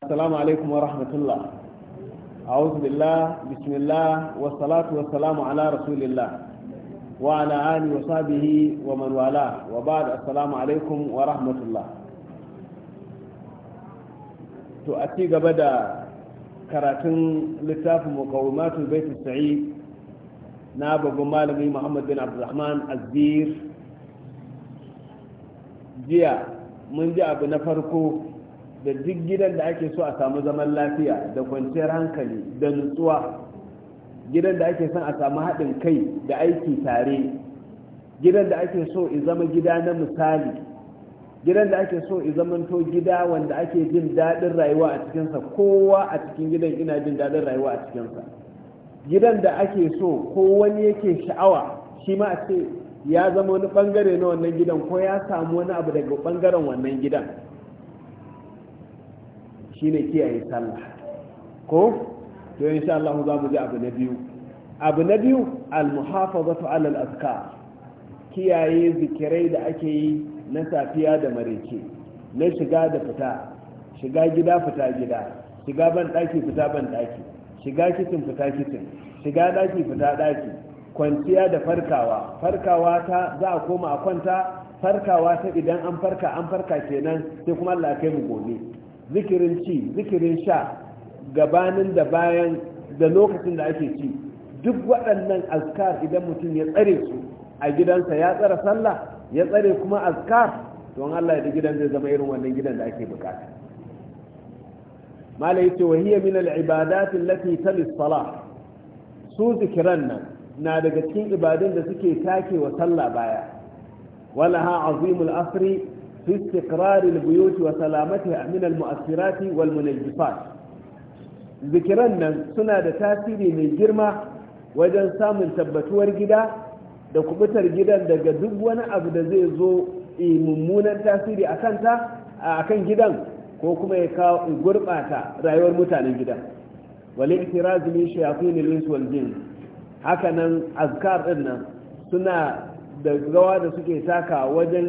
السلام عليكم ورحمة الله أعوذ بالله بسم الله والصلاة والسلام على رسول الله وعلى آله وصحبه ومن والاه وبعد السلام عليكم ورحمة الله تؤتي قبدا كراتن لتاف مقومات البيت السعيد ناب مالمي محمد بن عبد الرحمن الزير جيا من جاء بنفركو da duk gidan da ake so a samu zaman lafiya da kwanciyar hankali da nutsuwa gidan da ake son a samu haɗin kai da aiki tare gidan da ake so in zama gida na misali gidan da ake so i zamanto gida wanda ake jin daɗin rayuwa a cikinsa kowa a cikin gidan ina jin daɗin rayuwa a cikinsa gidan da ake so ko wani yake sha'awa shi ma a ce ya zama wani ɓangare na wannan gidan ko ya samu wani abu daga ɓangaren wannan gidan shine kiyaye sallah ko to insha Allah za mu ji abu na biyu abu na biyu al-muhafazatu ala al-azkar kiyaye zikirai da ake yi na safiya da mareke na shiga da fita shiga gida fita gida shiga ban daki fita ban daki shiga kitin fita kitin shiga daki fita daki kwanciya da farkawa farkawa ta za a koma a kwanta farkawa ta idan an farka an farka kenan sai kuma Allah kai mu gobe zikirin ci zikirin sha gabanin da bayan da lokacin da ake ci duk waɗannan azkar idan mutum ya tsare su a gidansa ya tsara sallah ya tsare kuma azkar don Allah ya gidan zai zama irin wannan gidan da ake bukata mala yace wa hiya min al-ibadat allati tali salah su zikiran nan na daga cikin ibadun da suke take wa sallah baya walaha azimul asri في استقرار البيوت وسلامتها من المؤثرات والمنجفات nan suna da tasiri mai girma wajen samun tabbatuwar gida da kubutar gidan daga duk wani abu da zai zo mummunan tasiri a kanta a kan gidan ko kuma ya kawo gurɓata rayuwar mutanen gidan wale itirazi min shayatin al wal jin haka nan azkar din nan suna da rawa da suke taka wajen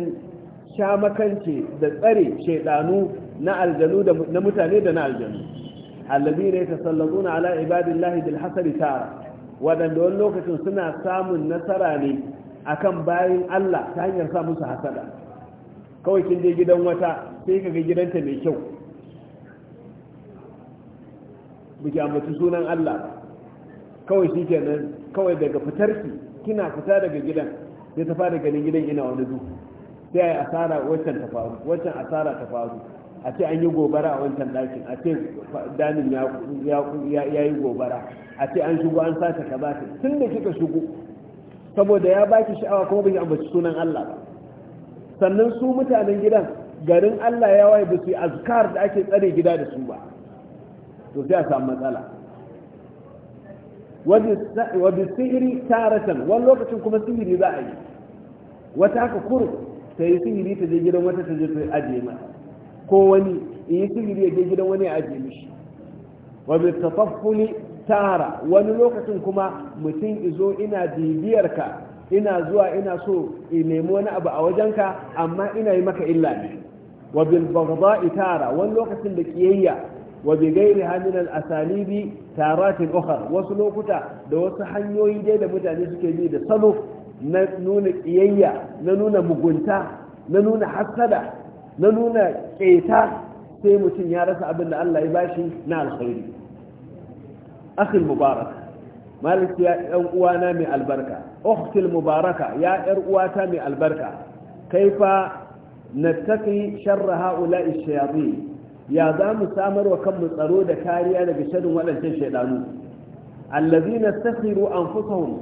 sha makance da tsare shaidanu na aljanu na mutane da na aljanu allazi ne ta sallazuna ala ibadillahi bil hasari ta waɗanda wani lokacin suna samun nasara ne akan bayin Allah ta hanyar sa musu hasada kawai kin je gidan wata sai ka ga gidanta mai kyau biki ambaci sunan Allah kawai shi kenan kawai daga fitarki kina fita daga gidan sai ta fara ganin gidan ina wani duhu sai ai asara wancan ta faru wancan asara ta faru a ce an yi gobara a wancan ɗakin a ce danin ya yi gobara a ce an shigo an sace ka baki tun da kika shigo saboda ya baki sha'awa kuma bai ambaci sunan Allah ba sannan su mutanen gidan garin Allah ya waye ba azkar da ake tsare gida da su ba to sai a samu matsala wadda sihiri taratan wani lokacin kuma sihiri za a yi wata haka kurum ta yi sihiri ta je gidan wata ta je ta ajiye mata ko wani in yi sihiri ya je gidan wani ya ajiye mishi wa bi tafaffuli tara wani lokacin kuma mutum izo ina bibiyar ka ina zuwa ina so in nemi wani abu a wajenka amma ina yi maka illa ne wa bil tara wani lokacin da kiyayya wa bi ghairiha min al asalibi taratin ukhra wasu lokuta da wasu hanyoyi dai da mutane suke bi da salo na nuna ƙiyayya na nuna mugunta na nuna hassada na nuna ƙeta sai mutum ya rasa abin da Allah ya bashi na alkhairi akhil mubarak malik ya ɗan uwana mai albarka ukhtil mubaraka ya ɗan uwata mai albarka kaifa nattaqi sharra ha'ula'i shayatin ya za mu samar wa kanmu tsaro da kariya daga shirin waɗancan shaidanu allazina stakhiru anfusahum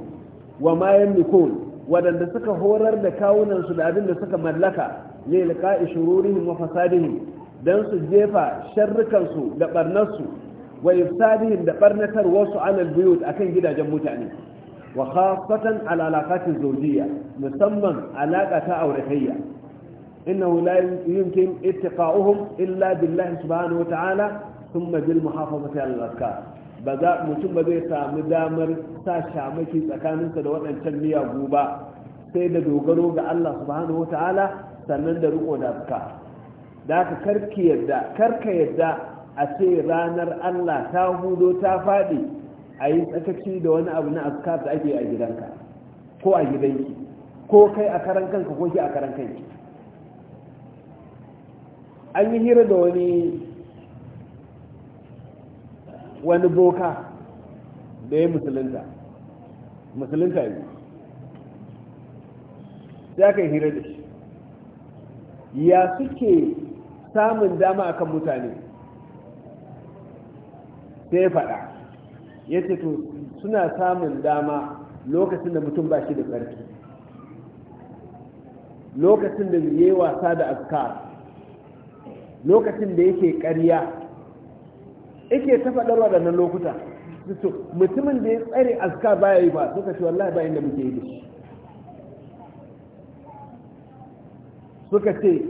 wa ma yamlikun waɗanda suka horar da kawunansu da abin da suka mallaka lilka ishururihim wa fasadihim dan su jefa sharrukansu da barnarsu wa ifsadihim da ɓarnatar wasu alal buyut akan gidajen mutane wa khafatan ala alaqatiz zawjiyya musamman alaka ta auratayya innahu la yumkin ittiqa'uhum illa billahi subhanahu wa ta'ala thumma bil muhafazati al-azkar ba mutum ba zai samu damar sa shamaki tsakaninsa da waɗancan miyagu ba sai da dogaro ga Allah subhanahu ta'ala sannan da riko da ka da aka karki yadda karka yadda a ce ranar Allah ta hudo ta faɗi a yi tsakaci da wani abu na aska da ake a gidanka ko a gidanki ko kai a karan kanka ko ki a karan kanki an yi hira da wani wani boka da ya musulunta musulunta yi za ka hira da shi ya suke samun dama akan mutane sai faɗa ya ce to suna samun dama lokacin da mutum ba shi da tsarki lokacin da yi wasa da aska, lokacin da yake ƙarya yake ta faɗar waɗannan lokuta to mutumin da ya tsare aska baya yi ba suka ce wallahi bayan da muke yi da shi suka ce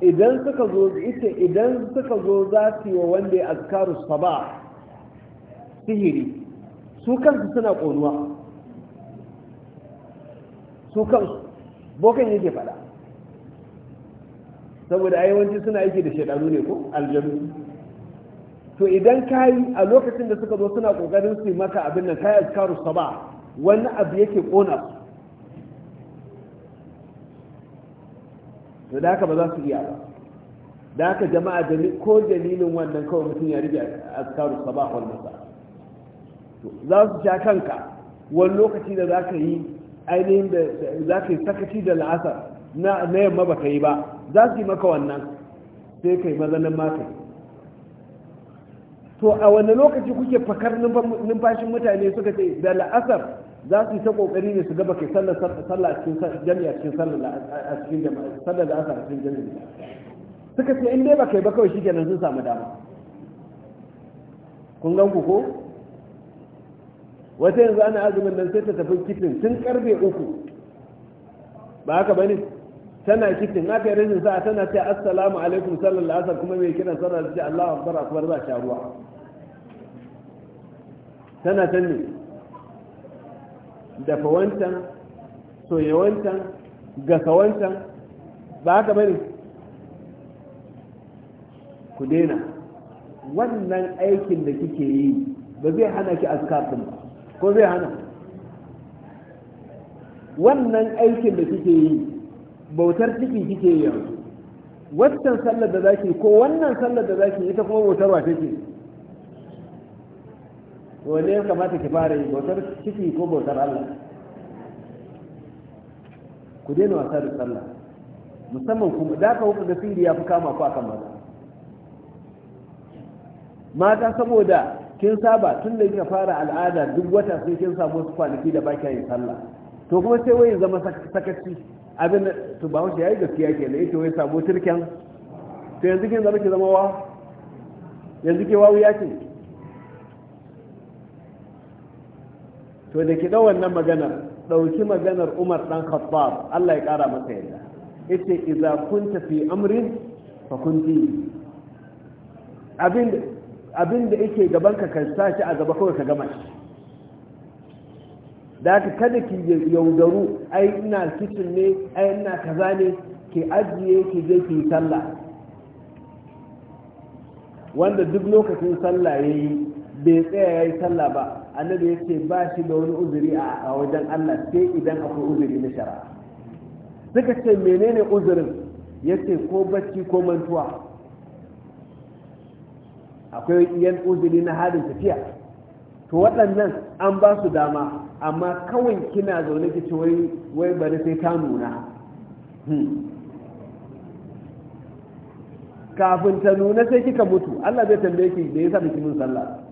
idan suka zo ita idan suka zo za su yi wa wanda ya askaru saba sihiri su kansu suna ƙonuwa su kansu bokan yake faɗa saboda ayyawanci yawanci suna aiki da shaidanu ne ko aljanu to idan ka yi a lokacin da suka zo suna kokarin su maka abin nan ka yi azkaru saba wani abu yake kona su to da haka ba za su iya ba da haka jama'a da ko dalilin wannan kawai mutum ya rige azkaru saba wannan sa to za su sha kanka wani lokaci da za ka yi ainihin da za ka yi sakaci da la'asar na yamma ba ka yi ba za su yi maka wannan sai ka yi mazanin maka to a wani lokaci kuke fakar numfashin mutane suka ce da la'asar za su yi ta kokari ne su gaba kai sallar sallah cikin jami'a cikin sallar a cikin jami'a sallar la'asar a cikin jami'a suka ce in dai ba kai ba kawai shi kenan sun samu dama kun gan ku ko wata yanzu ana azumin nan sai ta tafi kitin tun karfe uku ba haka ne? tana kitin na kai rashin sa'a tana ce assalamu alaikum sallallahu alaihi kuma mai kiran sallar ce wa akbar akbar za ta ruwa tana can ne dafa wancan soye wancan gasa wancan ba haka bane ku daina wannan aikin da kike yi ba zai hana ki azkar din ba ko zai hana wannan aikin da kike yi bautar ciki kike yi yanzu waccan sallar da zaki ko wannan sallar da zaki ita kuma bautar wa take wane ya kamata ki fara yi bautar ciki ko bautar Allah ku daina wasa da sallah musamman kuma da ka hukun da ya fi kama ku akan maza mata saboda kin saba tun da kika fara al'ada duk wata sai kin samu wasu kwanaki da baki yin sallah to kuma sai wai zama sakaci abin da to ba wanda yayi gaskiya ke da yake wai samu turken to yanzu kin zama ki zama wa yanzu ke wawu ya ce to da ki wannan maganar ɗauki maganar umar ɗan khattab allah ya ƙara masa yadda yace idza kunta fi amrin fa kunti abin abin da yake gaban ka ka sashi a gaba kawai ka gama shi da haka kada ki yaudaru ai ina kitchen ne ai ina kaza ne ki ajiye ki je ki sallah wanda duk lokacin sallah yayi bai tsaya yayi sallah ba annabi ya ce ba shi da wani uzuri a wajen Allah sai idan akwai uzuri na shari'a suka ce menene uzurin ya ce ko bacci ko mantuwa akwai yan uzuri na halin tafiya to waɗannan an ba su dama amma kawai kina zaune ki wai wai bari sai ta nuna hmm. kafin ta nuna sai kika mutu Allah zai tambaye ki da yasa ki mun sallah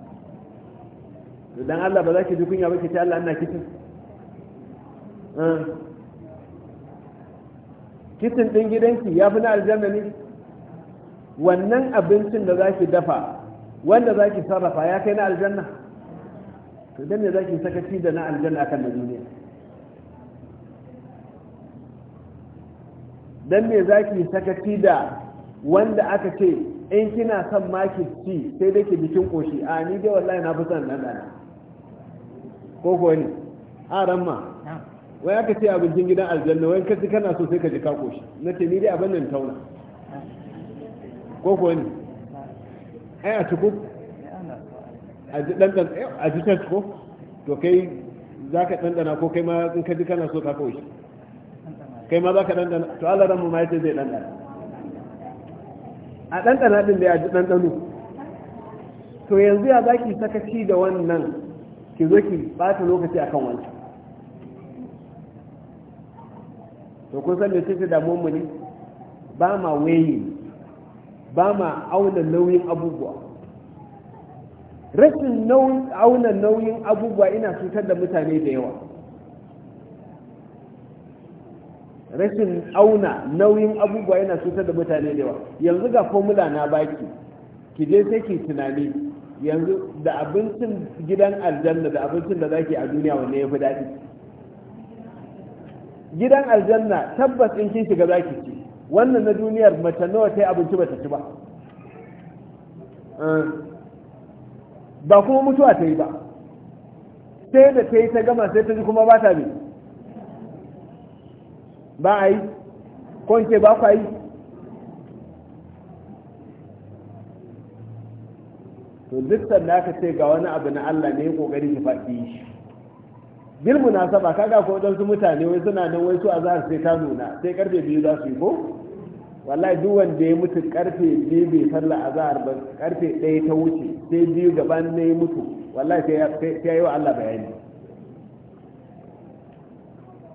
dan Allah ba za ki ji kunya ba ki ce Allah ina kitin eh. kitin din gidanki ya fi na aljanna ne wannan abincin da za ki dafa wanda za ki sarrafa ya kai na aljanna to dan ne za ki sakaci da na aljanna akan na duniya dan ne za ki sakaci da wanda aka ce in kina son ki ci sai dai ki bikin koshi a ni dai wallahi na fi son nan ko kuwa ne a ramma wai aka ce abincin gidan aljanna wai kasi kana so sai ka ji kako shi na ce ni dai abin nan tauna ko kuwa ne ai a ciku a ji ɗanɗan a ji tas ko to kai za ka ɗanɗana ko kai ma in ka ji kana so ka shi kai ma za ka ɗanɗana to Allah ranmu ma ya ce zai ɗanɗana a ɗanɗana ɗin da ya ji ɗanɗano to yanzu ya za ki sakaci da wannan ki zo ki bata lokaci akan wancan to kun san me ce da mu ne ba ma waye ba ma auna nauyin abubuwa rashin auna nauyin abubuwa ina cutar da mutane da yawa rashin auna nauyin abubuwa yana cutar da mutane da yawa yanzu ga formula na baki ki je sai ki tunani yanzu da abincin gidan aljanna da abincin da zaki a duniya wanne ya fi daɗi gidan aljanna tabbas in kin shiga zaki ci wannan na duniyar mace nawa ta yi abinci bata ci ba eh, ba kuma mutuwa ta yi ba sai da ta yi ta gama sai ta ji kuma ba ta bi ba a yi ko ba ku yi to duk sanda ka ce ga wani abu na Allah ne kokari ki faɗi shi bil munasaba kaga ko su mutane wai suna nan wai su azhar sai ta nuna sai karfe biyu za su yi ko wallahi duk wanda ya mutu karfe biyu bai sallah azhar ba karfe ɗaya ta wuce sai biyu gaban ne ya mutu wallahi sai ya yi wa Allah bayani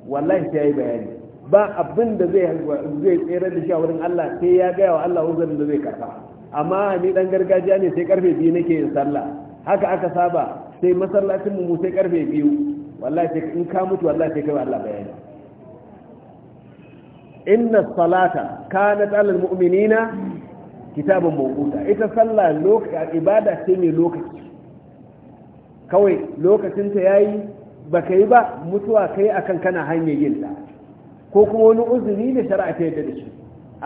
wallahi sai ya yi bayani ba abin da zai tsere da shi a wurin Allah sai ya gaya wa Allah wanzan da zai karfa amma ni dan gargajiya ne sai karfe biyu nake yin sallah haka aka saba sai masallacin mu sai karfe biyu wallahi sai in ka mutu wallahi sai kai Allah bayani inna salata kana alal mu'minina kitabun mawquta ita sallah lokaci ibada ce mai lokaci kawai lokacin ta yayi baka yi ba mutuwa kai akan kana hanyar yin ta ko kuma wani uzuri ne shari'a ta yadda da shi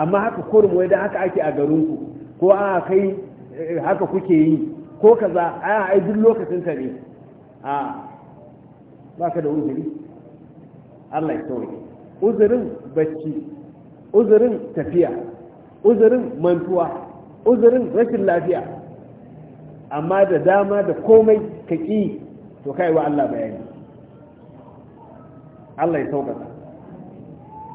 amma haka kurmu wai da haka ake a garin ku ko a kai eh, haka kuke yi ko kaza a ai duk lokacin ta ne a baka da uzuri Allah ya tauye uzurin bacci uzurin tafiya uzurin mantuwa uzurin rashin lafiya amma da dama da komai ka ƙi to kai wa Allah bayani Allah ya sauƙaƙa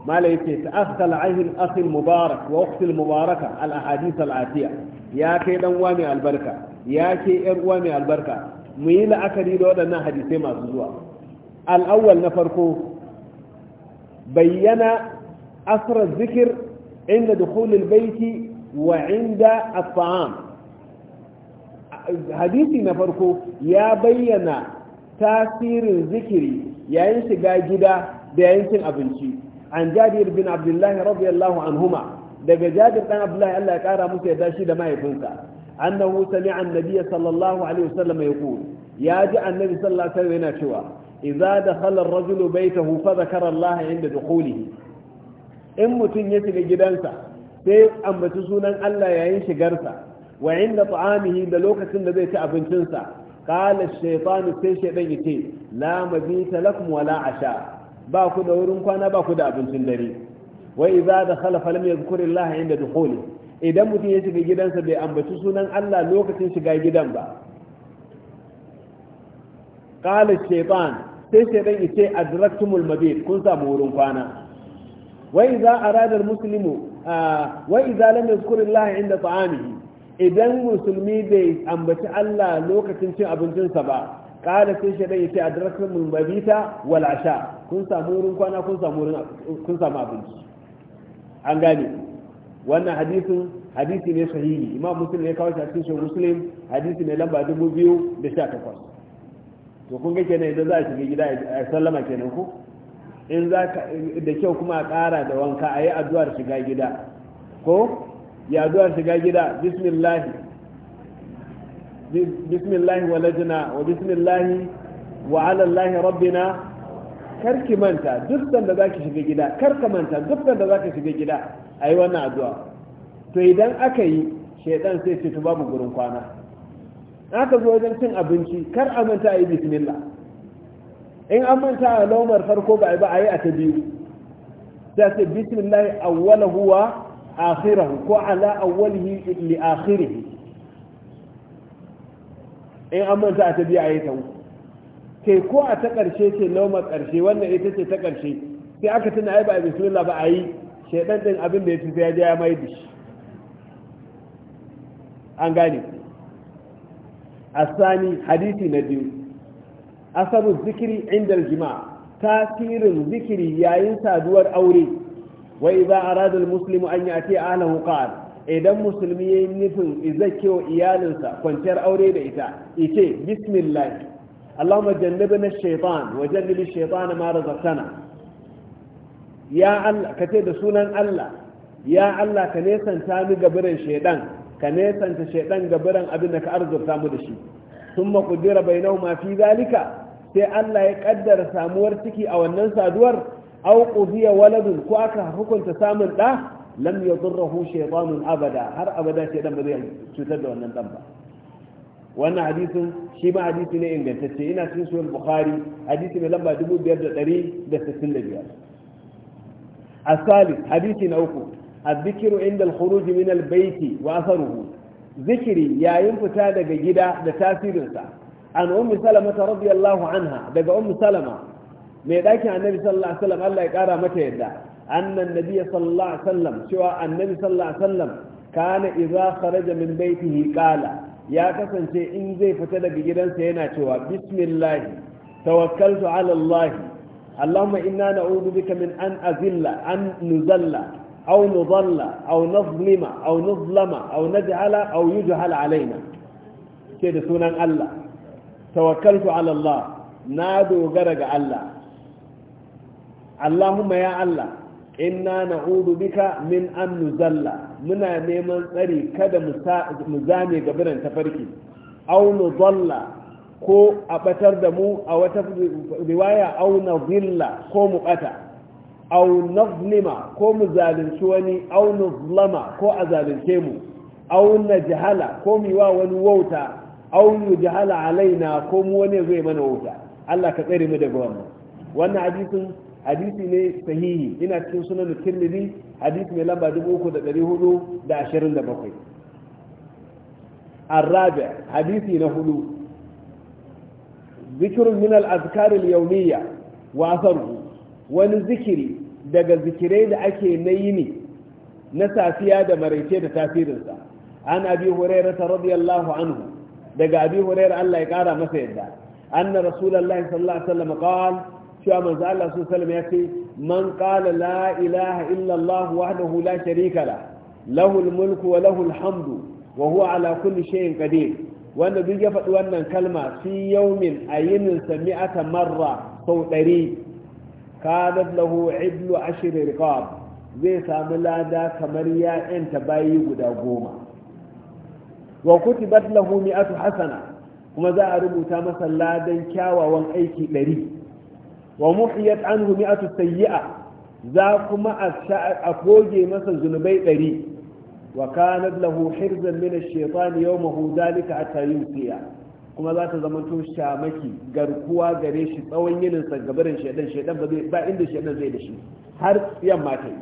ما ليس تأخذ العهد الأخ المبارك وأخت المباركة الأحاديث الآتية يا كي دوامي البركة يا كي إروامي البركة ميل أكدي لو أنا حديثي ما سزوا الأول نفرقه بين أثر الذكر عند دخول البيت وعند الطعام hadisi na farko ya bayyana tasirin zikiri yayin shiga gida da yayin cin abinci an jabir bin abdullahi radiyallahu anhuma daga jabir dan abdullahi Allah ya kara musu yadda shi da mahaifinsa annahu sami'a annabi sallallahu alaihi wasallam yaqul ya ji annabi sallallahu alaihi wasallam yana cewa idza dakhala ar-rajulu baytahu fa dhakara Allah inda dukhulihi in mutun ya shiga gidansa sai ambaci sunan Allah yayin shigarsa wa inda ta'amihi da lokacin da zai ci abincinsa qala ash-shaytanu sai shaytan yace la mabita lakum wala asha ba ku da wurin kwana ba ku da abincin dare Wai idza dakhala lam yadhkur Allah inda dukhuli idan mutum ya shiga gidansa bai ambaci sunan Allah lokacin shiga gidan ba qala shaytan sai shaytan yace adraktumul mabit kun samu wurin kwana Wai idza arada muslimu wai idza lam yadhkur Allah inda ta'amihi idan musulmi bai ambaci Allah lokacin cin abincinsa ba kala sai shi dai yace adrakum mabita wal asha kun samu wurin kwana kun samu wurin kun samu abinci an gane wannan hadisin hadisi ne sahihi imam muslim ne kawo shi a cikin shi muslim hadisi ne lamba 2018 to kun ga kenan idan za a shiga gida a sallama kenan ko in za ka da kyau kuma a ƙara da wanka a yi addu'ar shiga gida ko ya addu'ar shiga gida bismillah bismillahi walajina wa bismillahi wa alallahi rabbina kar karki manta duk da zaki shiga gida karka manta duk da zaka shiga gida ayi wannan addu'a to idan aka yi shaidan sai ce to babu gurin kwana aka zo wajen cin abinci kar a manta ayi bismillah in an manta a laumar farko ba ba ayi a ta biyu sai ce bismillah awwalahu wa akhirahu ko ala awwalihi li akhirihi in an manta a ta biya a yi ta kai ko a ta ƙarshe ce noma ƙarshe wannan ita ce ta ƙarshe sai aka tuna ai ba a bismillah ba a yi shaidan abin da ya fi sai ya je ya mai da shi an gane asani hadisi na biyu asabu zikiri inda jima'a tasirin zikiri yayin saduwar aure wa idza arada al-muslimu an yati ahlihi qala idan musulmi ya yi nufin izakewa iyalinsa kwanciyar aure da ita ice bismillah allahumma na shaitan wa jannibi shaitana ma razaqtana ya Allah ka ce da sunan Allah ya Allah ka nesanta ni gaburan shaitan ka nesanta shaitan gaburan abin da ka arzurta mu da shi thumma qudira bainahuma fi zalika sai Allah ya kaddara samuwar ciki a wannan saduwar au qudiya waladun ko aka hukunta samun da lam yadurruhu shaytanun abada har abada shaytan ba zai cutar da wannan dan ba wannan hadisin shi ma hadisi ne ingantacce ina cikin sahih bukhari hadisi mai lamba 5565 asali hadisi na uku inda عند الخروج من البيت وأثره zikiri yayin fita daga gida da tasirinsa an ummi salama radiyallahu anha daga ummi salama mai dakin annabi sallallahu alaihi wasallam Allah ya kara mata yadda annan nabiy sallallahu alaihi wasallam cewa annabi sallallahu alaihi wasallam kana idza kharaja min baitihi qala ya kasance in zai fita daga gidansa yana cewa bismillah tawakkaltu ala allah allahumma inna na'udhu bika min an azilla an nuzalla aw nudalla aw nazlima aw nuzlama aw alaina ce da sunan allah tawakkaltu ala allah na dogara ga allah allahumma ya allah inna na'udu bika min an nuzalla muna neman tsari kada mu zame gabaran tafarki au nuzalla ko a batar da mu a wata riwaya au nazilla ko mu bata au nazlima ko mu zalunci wani au nuzlama ko a zalunce mu au najhala ko mu wa wani wauta au yujhala alaina ko mu wani zai mana wauta Allah ka tsare mu da wannan wannan hadisin hadisi ne sahihi ina cikin sunan tirmidhi hadisi mai lamba 3427 arrabi hadisi na hudu zikirun min al-azkar al-yawmiyya wani zikiri daga zikirai da ake na yini na safiya da maraice da tasirinsa an abi hurairah radiyallahu anhu daga abi hurairah Allah ya kara masa yadda anna rasulullahi sallallahu alaihi wasallam qala cewa manzo Allah su salama ya ce man qala la ilaha illa Allah wahdahu la sharika la lahul mulku wa lahul hamdu wa huwa ala kulli shay'in qadir wanda duk ya faɗi wannan kalma fi yawmin ayinin sami'ata marra sau ɗari kanat lahu iblu ashirin riqab zai samu lada kamar 'ya'yanta bayi guda goma wa kutibat lahu mi'atu hasana kuma za a rubuta masa ladan kyawawan aiki ɗari wa muhiyat anhu mi'atu sayyi'a za kuma a goge masa zunubai ɗari wa kanat lahu hirzan min ash-shaytan yawmahu dhalika hatta yusiya kuma za ta zamanto shamaki garkuwa gare shi tsawon yinin sa gabarin shaidan shaidan ba zai da shi har yamma ta yi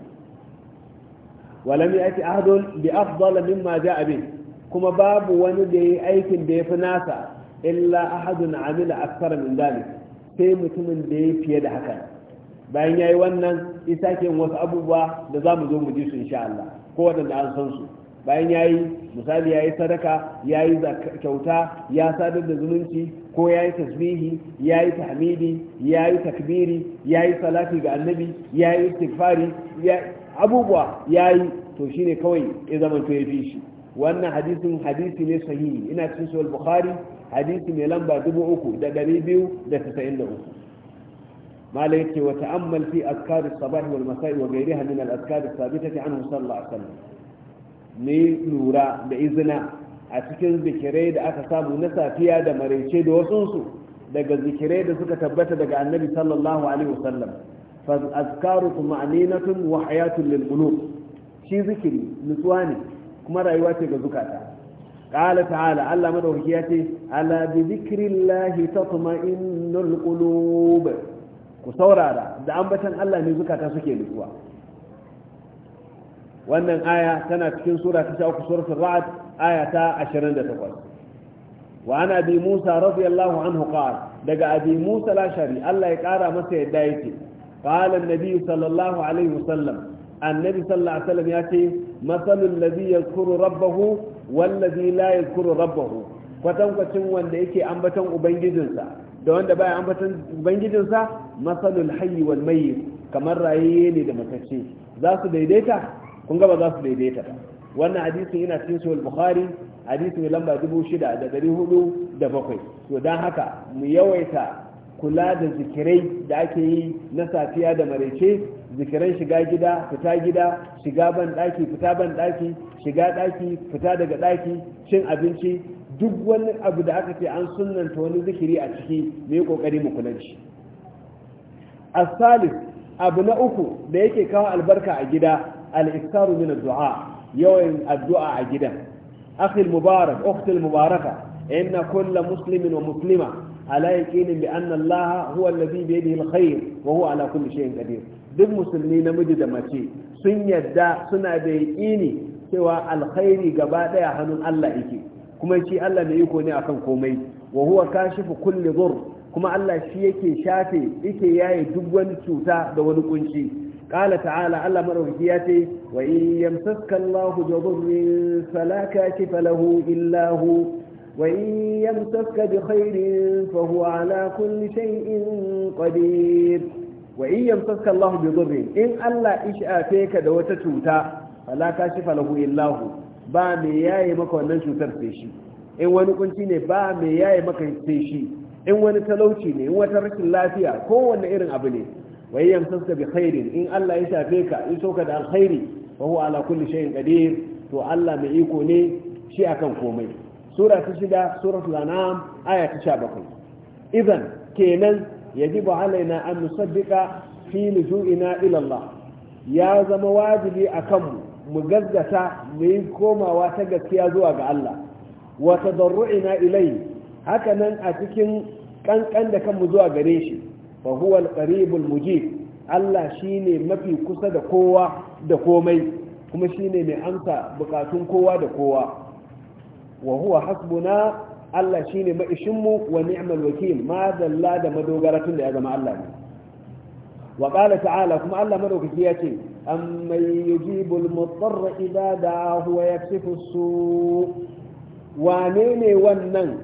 ولم يأتي أحد بأفضل مما جاء به كما باب وندي أيك ديف إلا أحد عمل أكثر من ذلك sai mutumin da ya fiye da haka bayan ya yi wannan isa ke wasu abubuwa da za mu zo mu ji su insha Allah ko waɗanda an san su bayan ya yi misali ya yi sadaka ya yi kyauta ya sadar da zumunci ko ya yi tasbihi ya yi tahmidi ya yi takbiri ya yi salati ga annabi ya yi istighfari abubuwa ya yi to shine kawai ya zama to ya fi shi wannan hadisin hadisi ne sahihi ina cikin sahih bukhari hadisi mai lamba dubu uku da dari biyu da tasa'in da uku malai ce wa ta'ammal fi azkaris sabahi wal masa'i wa gairiha min al azkaris ta anhu sallallahu alaihi wasallam ni lura da izina a cikin zikirai da aka samu na safiya da maraice da wasunsu daga zikirai da suka tabbata daga annabi sallallahu alaihi wasallam fa azkaru tuma'ninatun wa hayatun lil qulub shi zikiri nutsuwa ne kuma rayuwa ce ga zukata qala ta'ala Allah madaukaki ya ce ala bi zikrillahi tatma'innul qulub ku saurara da ambatan Allah ne zukata suke nutsuwa wannan aya tana cikin sura ta 13 suratul ra'd aya ta 28 wa ana bi Musa radiyallahu anhu qala daga abi Musa lashari Allah ya kara masa yadda yake qala an-nabi sallallahu alaihi wasallam annabi sallallahu alaihi wasallam ya ce masalul ladhi yadhkuru rabbahu wal ladhi la rabbahu kwatankwacin wanda yake ambaton ubangijinsa da wanda baya ambaton ubangijinsa masalul hayyi wal mayyit kamar rayayye ne da matacce za su daidaita kun ga ba za su daidaita ba wannan hadisin yana cikin sahih da hadisi mai da bakwai to dan haka mu yawaita kula da zikirai da ake yi na safiya da maraice zikiran shiga gida fita gida shiga ban daki fita ban daki shiga daki fita daga daki cin abinci duk wani abu da aka ce an sunanta wani zikiri a ciki mai kokari mu kula shi asali abu na uku da yake kawo albarka a gida al-iktaru min ad-du'a yawan addu'a a gidan akhi al-mubarak ukhti al-mubaraka inna kulla muslimin wa muslima ala yaqinin bi anna allaha huwa alladhi bi yadihi al-khayr wa huwa ala kulli shay'in qadir duk musulmi namiji da mace sun yadda suna da yaƙini cewa alkhairi gaba ɗaya hannun Allah yake kuma shi Allah mai iko ne akan komai wa huwa kashifu kulli dhur kuma Allah shi yake shafe yake yaye duk wani cuta da wani kunci qala ta'ala Allah madaukaki ya ce wa in yamsaska Allahu bi fala kashifa lahu illa hu وإن يمسك بخير فهو على كل شيء قدير wa in yamsaka Allah bi dhurrin in Allah ishafe ka da wata cuta fala kashifa lahu illahu ba me yayi maka wannan cutar sai shi in wani kunci ne ba me yayi maka sai shi in wani talauci ne in wata rashin lafiya ko wanne irin abu ne wa in yamsaka bi khairin in Allah ya shafe ka in soka da alkhairi wa huwa ala kulli shay'in qadir to Allah mai iko ne shi akan komai sura ta shida suratul an'am aya ta 17 idan kenan yajibu alaina an nusaddiqa fi luju'ina ila ya zama wajibi a mu mu gaggata mu yi komawa ta gaskiya zuwa ga Allah wa tadarru'ina ilayhi haka nan a cikin kankan da kanmu zuwa gare shi fa huwa al-qaribul mujib Allah shine mafi kusa da kowa da komai kuma shine mai amsa bukatun kowa da kowa wa hasbuna Allah shine maishinmu wa ni'mal wakil ma dalla da madogaratun da ya zama Allah ne wa ta'ala kuma Allah madaukaki ya ce amman yujibul idan da huwa ya yaksifu su wane ne wannan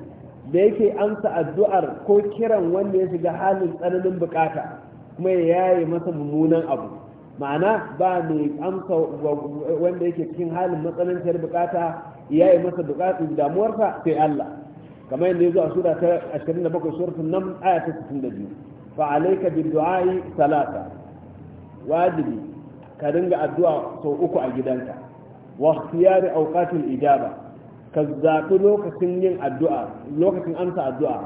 da yake amsa addu'ar ko kiran wanda ya shiga halin tsananin bukata kuma ya yaye masa mummunan abu ma'ana ba mai amsa wanda yake cikin halin matsananciyar bukata ya yi masa bukatun damuwarsa sai Allah kamar yadda zuwa a sura ta 27 suratul nam aya ta 62 fa alayka bid du'a'i salata wajibi ka dinga addu'a sau uku a gidanka wa ikhtiyari awqatil ijaba ka zaɓi lokacin yin addu'a lokacin amsa addu'a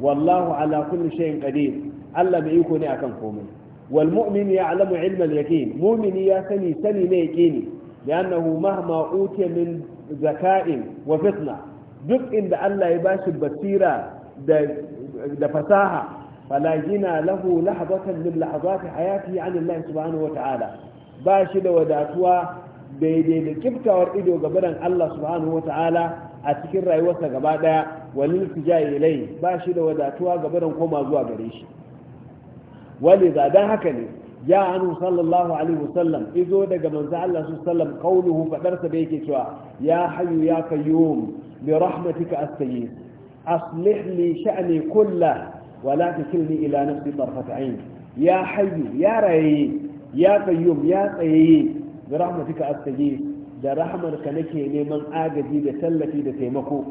wallahu ala kulli shay'in qadir Allah mai iko ne akan komai wal mu'min ya'lamu ilma al yaqin mu'mini ya sani sani ne yaqini li'annahu mahma utiya min zaka'in wa fitna duk inda Allah ya bashi basira da fasaha fala gina lahu lahzatan min lahzati hayati an Allah subhanahu wata'ala ba shi da wadatuwa daidai da kiftawar ido ga barin Allah subhanahu wata'ala a cikin rayuwarsa gaba daya walil tijai ilai ba shi da wadatuwa barin koma zuwa gare shi wali dan haka ne ya anu sallallahu alaihi wasallam izo daga manzo Allah sallallahu alaihi wasallam kauluhu fadarsa da yake cewa ya hayyu ya qayyum برحمتك أستغيث أصلح لي شأني كله ولا تكلني إلى نفسي طرفة عين يا حي يا رعي يا قيوم يا قيي برحمتك أستغيث da rahamarka nake neman agaji da tallafi da taimako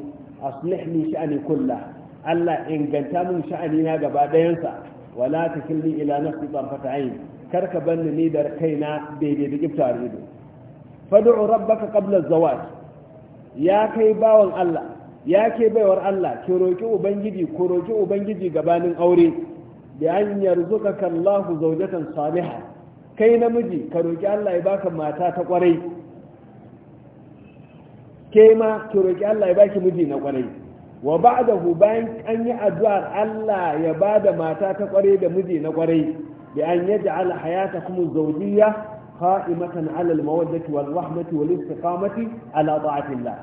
aslih ni sha'ani kulla Allah inganta min sha'ani na gaba dayansa wala takilni ila nafsi tarfata ayn karka banni ni da kaina daidai da rabbaka qabla az ya kai bawan Allah ya ke baiwar Allah ki roki ubangiji ko roki ubangiji gabanin aure da an yarzuqaka kallahu zaujatan saliha kai namiji ka roki Allah ya baka mata ta kwarai ke ma ki roki Allah ya baki miji na kwarai wa ba'dahu bayan an yi addu'ar Allah ya bada mata ta kwarai da miji na kwarai da an yaj'al hayatakum zawjiyya qa'imatan ala al-mawaddati wal rahmati wal istiqamati ala ta'ati Allah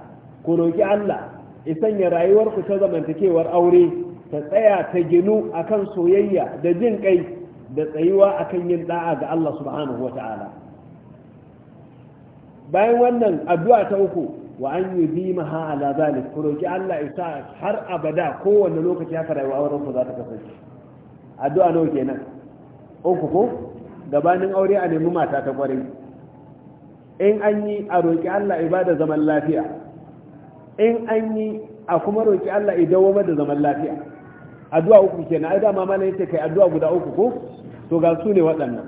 ku roki Allah isanya rayuwar ku ta zamantakewar aure ta tsaya ta ginu akan soyayya da jin kai da tsayuwa akan yin da'a ga Allah subhanahu wata'ala bayan wannan addu'a ta uku wa an yi bi ku roki Allah isa har abada kowanne lokaci haka rayuwa auren ku za ta kasance addu'a nawa kenan uku ko gabanin aure a nemi mata ta kwarai in an yi a roƙi Allah ibada zaman lafiya in an yi a kuma roƙi Allah idawama da zaman lafiya addu'a uku kenan ai dama mana ce kai addu'a guda uku ko to ga su ne waɗannan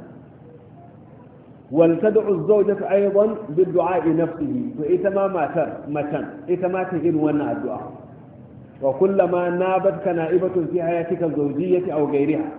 wal tad'u az-zawjatu aidan bid du'a nafsihi to ita ma matar matan ita ma ta irin wannan addu'a wa kullama nabat kana ibatun fi hayatika zawjiyyati aw ghayriha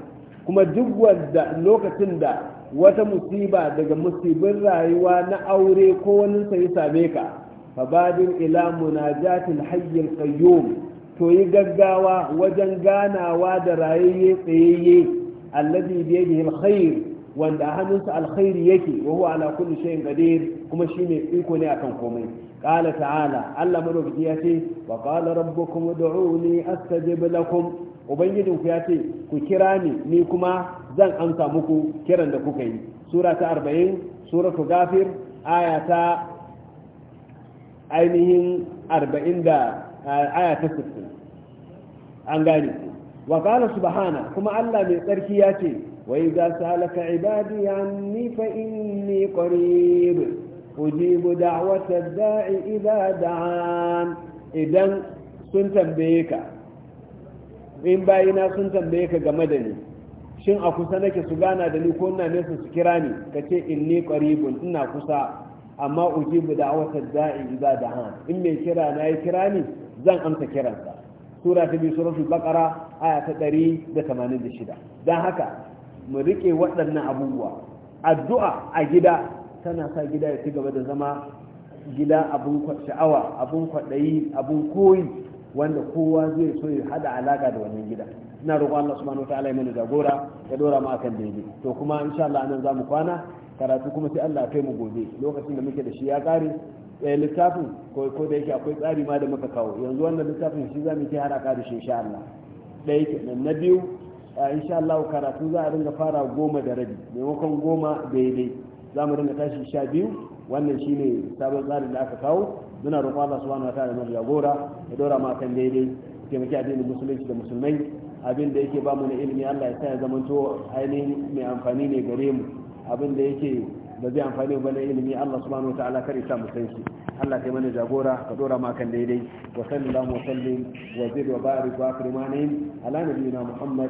kuma duk wanda lokacin da wata musiba daga musibin rayuwa na aure ko wani sai same ka fabadin ila munajatil hayyil qayyum to yi gaggawa wajen ganawa da rayayye tsayayye alladhi bi yadihi alkhair wanda hannunsa alkhairi yake wa huwa ala kulli shay'in qadir kuma ne iko ne akan komai qala ta'ala Allah madaukaki ya ce wa qala rabbukum ud'uni astajib lakum ubangijinku ya ce ku kira ni ni kuma zan amsa muku kiran da kuka yi sura ta arba'in ta gafir aya ta ainihin arba'in da eh, aya ta 60 an gani. wa qala subhana kuma Allah mai tsarki ya ce wa idza salaka ibadi anni fa inni qarib ujibu da'wata da'i idza da'an idan sun tambaye ka in bayina sun tambaye ka game da ni shin a kusa nake su gana da ni ko ina nesa su kira ni ka ce inni qaribun ina kusa amma ujibu da'awatad da'i idza da'an in mai kira na ya kira ni zan amsa kiransa sura ta biyu suratul baqara aya ta 186 dan haka mu rike waɗannan abubuwa addu'a a gida tana sa gida ya ci gaba da zama gida abun sha'awa abun kwaɗayi abun koyi wanda kowa zai so ya hada alaka da wannan gida ina roƙon Allah subhanahu wataala ya mana jagora ya dora mu akan daidai to kuma insha Allah anan zamu kwana karatu kuma sai Allah ya kai mu gobe lokacin da muke da shi ya kare eh littafin ko ko da yake akwai tsari ma da muka kawo yanzu wannan littafin shi zamu ke haraka da shi insha Allah nan na biyu insha Allah karatu za a dinga fara goma da rabi maimakon goma daidai za mu dinga tashi sha biyu wannan shine sabon tsarin da aka kawo muna roƙon Allah subhanahu wataala mai jagora ya dora ma kan daidai taimaki addinin musulunci da musulmai abin da yake bamu na ilimi Allah ya sa ya zamanto ainihin mai amfani ne gare mu abin da yake ba zai amfani ba na ilimi Allah subhanahu ta'ala kar ya sa mu san shi Allah kai mana jagora ka dora ma kan daidai wa sallallahu wa sallim wa zid wa barik wa akrimanin ala nabiyina Muhammad